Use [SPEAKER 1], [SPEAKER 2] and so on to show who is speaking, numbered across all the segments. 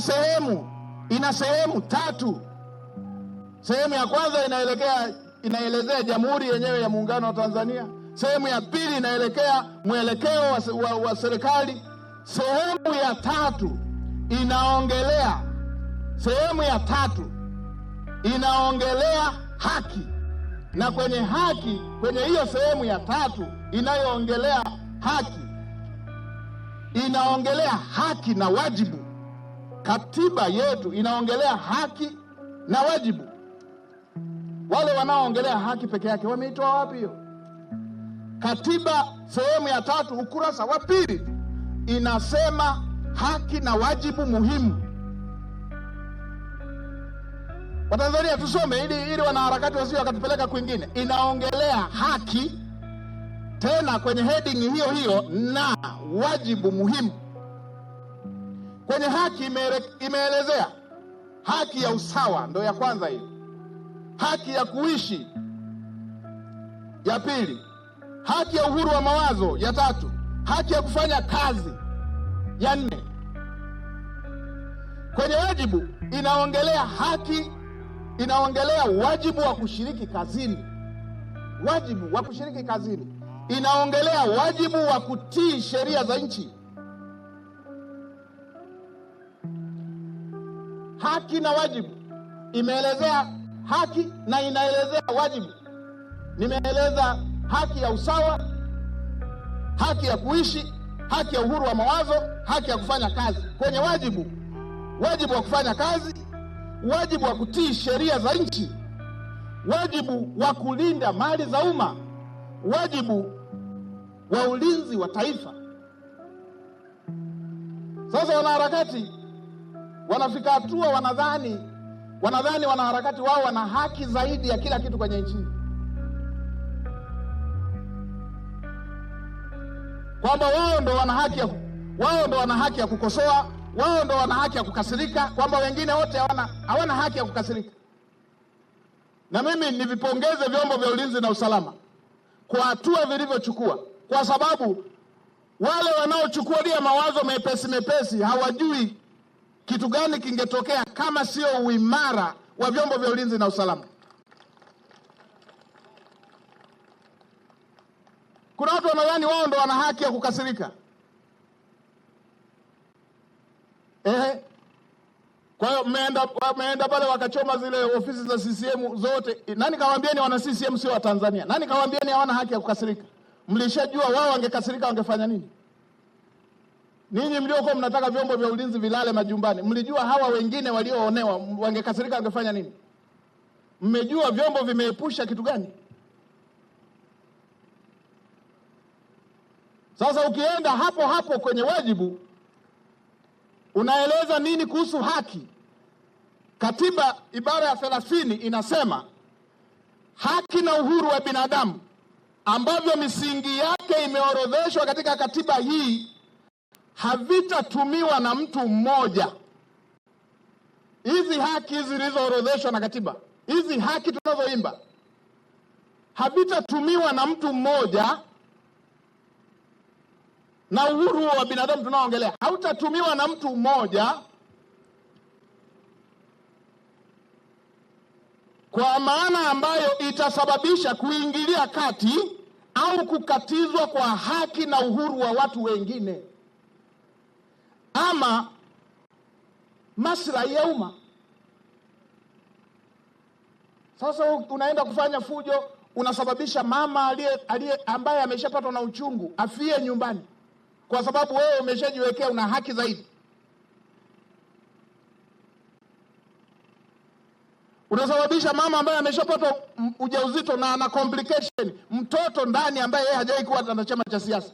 [SPEAKER 1] sehemu ina sehemu tatu. Sehemu ya kwanza inaelekea inaelezea jamhuri yenyewe ya muungano wa Tanzania. Sehemu ya pili inaelekea mwelekeo wa, wa, wa serikali. Sehemu ya tatu inaongelea sehemu ya tatu inaongelea haki, na kwenye haki, kwenye hiyo sehemu ya tatu inayoongelea haki, inaongelea haki na wajibu Katiba yetu inaongelea haki na wajibu. Wale wanaoongelea haki peke yake wameitoa wapi hiyo? Katiba sehemu ya tatu ukurasa wa pili inasema haki na wajibu muhimu. Watanzania tusome ili, ili wanaharakati wasio wakatupeleka kwingine. Inaongelea haki tena kwenye heading hiyo hiyo na wajibu muhimu. Kwenye haki imeelezea haki ya usawa, ndo ya kwanza hiyo, haki ya kuishi ya pili, haki ya uhuru wa mawazo ya tatu, haki ya kufanya kazi ya nne. Kwenye wajibu inaongelea haki, inaongelea wajibu wa kushiriki kazini, wajibu wa kushiriki kazini, inaongelea wajibu wa kutii sheria za nchi haki na wajibu, imeelezea haki na inaelezea wajibu. Nimeeleza haki ya usawa, haki ya kuishi, haki ya uhuru wa mawazo, haki ya kufanya kazi. Kwenye wajibu, wajibu wa kufanya kazi, wajibu wa kutii sheria za nchi, wajibu wa kulinda mali za umma, wajibu wa ulinzi wa taifa. Sasa wanaharakati Wanafika hatua wanadhani wanadhani wanaharakati wao wana haki zaidi ya kila kitu kwenye nchi, kwamba wao ndo wana haki ya wao ndo wana haki ya kukosoa, wao ndo wana haki ya kukasirika, kwamba wengine wote hawana hawana haki ya kukasirika. Na mimi nivipongeze vyombo vya ulinzi na usalama kwa hatua vilivyochukua, kwa sababu wale wanaochukulia mawazo mepesi mepesi hawajui kitu gani kingetokea kama sio uimara wa vyombo vya ulinzi na usalama? Kuna watu wanadhani wao ndo wana haki ya kukasirika. Ehe. Kwa hiyo mmeenda pale wakachoma zile ofisi za CCM zote. Nani kawaambieni wana CCM sio Watanzania? Nani kawaambieni hawana haki ya kukasirika? Mlishajua wao wangekasirika wangefanya nini? Ninyi mliokuwa mnataka vyombo vya ulinzi vilale majumbani, mlijua hawa wengine walioonewa wangekasirika, wangefanya nini? Mmejua vyombo vimeepusha kitu gani? Sasa ukienda hapo hapo kwenye wajibu, unaeleza nini kuhusu haki? Katiba ibara ya thelathini inasema haki na uhuru wa binadamu ambavyo misingi yake imeorodheshwa katika katiba hii havitatumiwa na mtu mmoja. Hizi haki hizi zilizoorodheshwa na katiba, hizi haki tunazoimba, havitatumiwa na mtu mmoja, na uhuru wa binadamu tunaoongelea hautatumiwa na mtu mmoja kwa maana ambayo itasababisha kuingilia kati au kukatizwa kwa haki na uhuru wa watu wengine ama maslahi ya umma. Sasa unaenda kufanya fujo, unasababisha mama aliye aliye ambaye ameshapatwa na uchungu afie nyumbani, kwa sababu wewe umeshajiwekea una haki zaidi. Unasababisha mama ambaye ameshapatwa ujauzito na ana complication mtoto ndani ambaye yeye hajawahi kuwa na chama cha siasa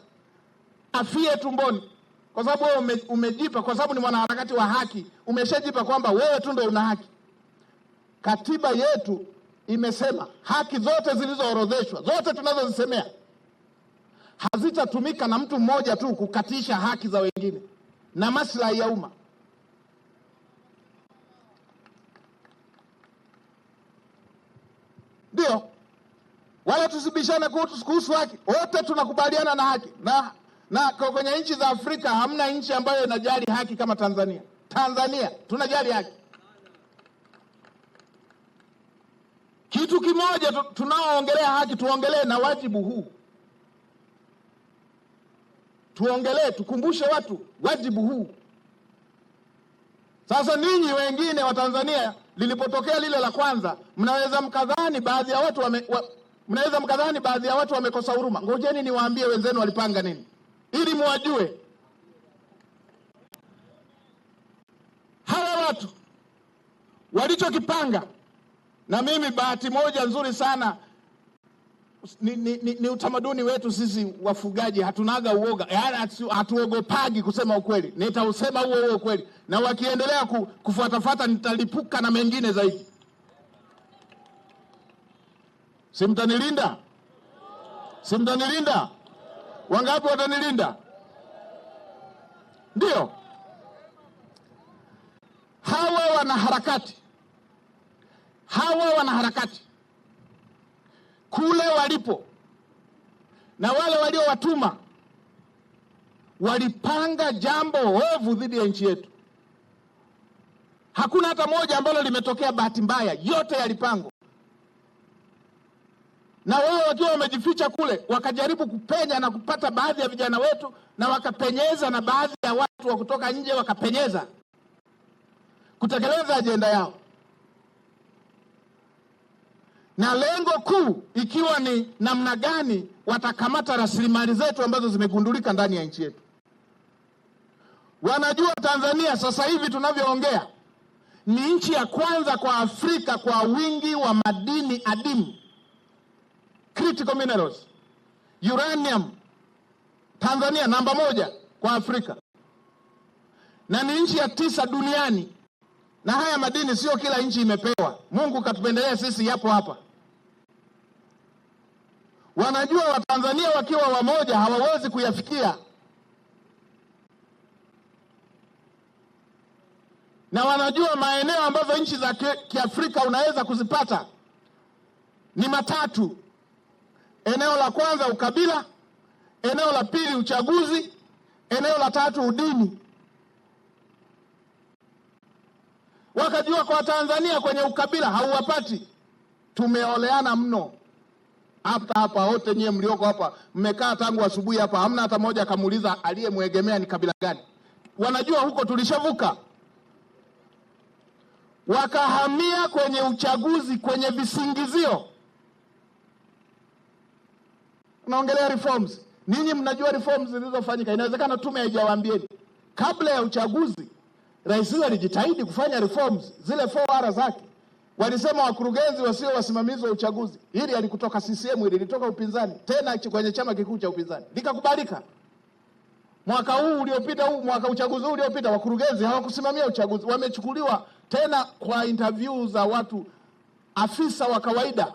[SPEAKER 1] afie tumboni kwa sababu wewe ume, umejipa kwa sababu ni mwanaharakati wa haki, umeshajipa kwamba wewe tu ndio una haki. Katiba yetu imesema haki zote zilizoorodheshwa, zote tunazozisemea hazitatumika na mtu mmoja tu kukatisha haki za wengine na maslahi ya umma. Ndio, wala tusibishane kuhusu haki, wote tunakubaliana na haki na na kwa kwenye nchi za Afrika hamna nchi ambayo inajali haki kama Tanzania. Tanzania tunajali haki. Kitu kimoja tunaoongelea haki, tuongelee na wajibu huu, tuongelee, tukumbushe watu wajibu huu. Sasa ninyi wengine wa Tanzania, lilipotokea lile la kwanza, mnaweza mkadhani baadhi ya watu wame, wa, mnaweza mkadhani baadhi ya watu wamekosa huruma. Ngojeni niwaambie wenzenu walipanga nini ili mwajue hawa watu walichokipanga. Na mimi bahati moja nzuri sana ni, ni, ni, ni utamaduni wetu sisi wafugaji, hatunaga uoga, yaani hatuogopagi kusema ukweli. Nitausema huo huo ukweli, na wakiendelea ku, kufuatafuata nitalipuka na mengine zaidi. simtanilinda simtanilinda Wangapi watanilinda? Ndio hawa wanaharakati, hawa wanaharakati kule walipo na wale waliowatuma walipanga jambo ovu dhidi ya nchi yetu. Hakuna hata moja ambalo limetokea bahati mbaya, yote yalipangwa na wao wakiwa wamejificha kule, wakajaribu kupenya na kupata baadhi ya vijana wetu, na wakapenyeza, na baadhi ya watu wa kutoka nje wakapenyeza kutekeleza ajenda yao, na lengo kuu ikiwa ni namna gani watakamata rasilimali zetu ambazo zimegundulika ndani ya nchi yetu. Wanajua Tanzania sasa hivi tunavyoongea ni nchi ya kwanza kwa Afrika kwa wingi wa madini adimu critical minerals, uranium. Tanzania namba moja kwa Afrika na ni nchi ya tisa duniani, na haya madini sio kila nchi imepewa. Mungu katupendelea sisi, yapo hapa. Wanajua Watanzania wakiwa wamoja hawawezi kuyafikia, na wanajua maeneo ambazo nchi za Kiafrika unaweza kuzipata ni matatu Eneo la kwanza ukabila, eneo la pili uchaguzi, eneo la tatu udini. Wakajua kwa Tanzania kwenye ukabila hauwapati, tumeoleana mno. Hata hapa wote nyie mlioko hapa mmekaa tangu asubuhi hapa, hamna hata mmoja akamuuliza aliyemwegemea ni kabila gani. Wanajua huko tulishavuka, wakahamia kwenye uchaguzi, kwenye visingizio Tunaongelea reforms, ninyi mnajua reforms zilizofanyika. Inawezekana tume haijawaambieni. Kabla ya uchaguzi, rais huyo alijitahidi kufanya reforms zile 4R zake. Walisema wakurugenzi wasio wasimamizi wa uchaguzi. Hili alikutoka CCM, hili litoka upinzani, tena kwenye chama kikuu cha upinzani likakubalika. Mwaka huu uliopita, huu mwaka uchaguzi huu uliopita, wakurugenzi hawakusimamia uchaguzi, wamechukuliwa tena kwa interview za watu afisa wa kawaida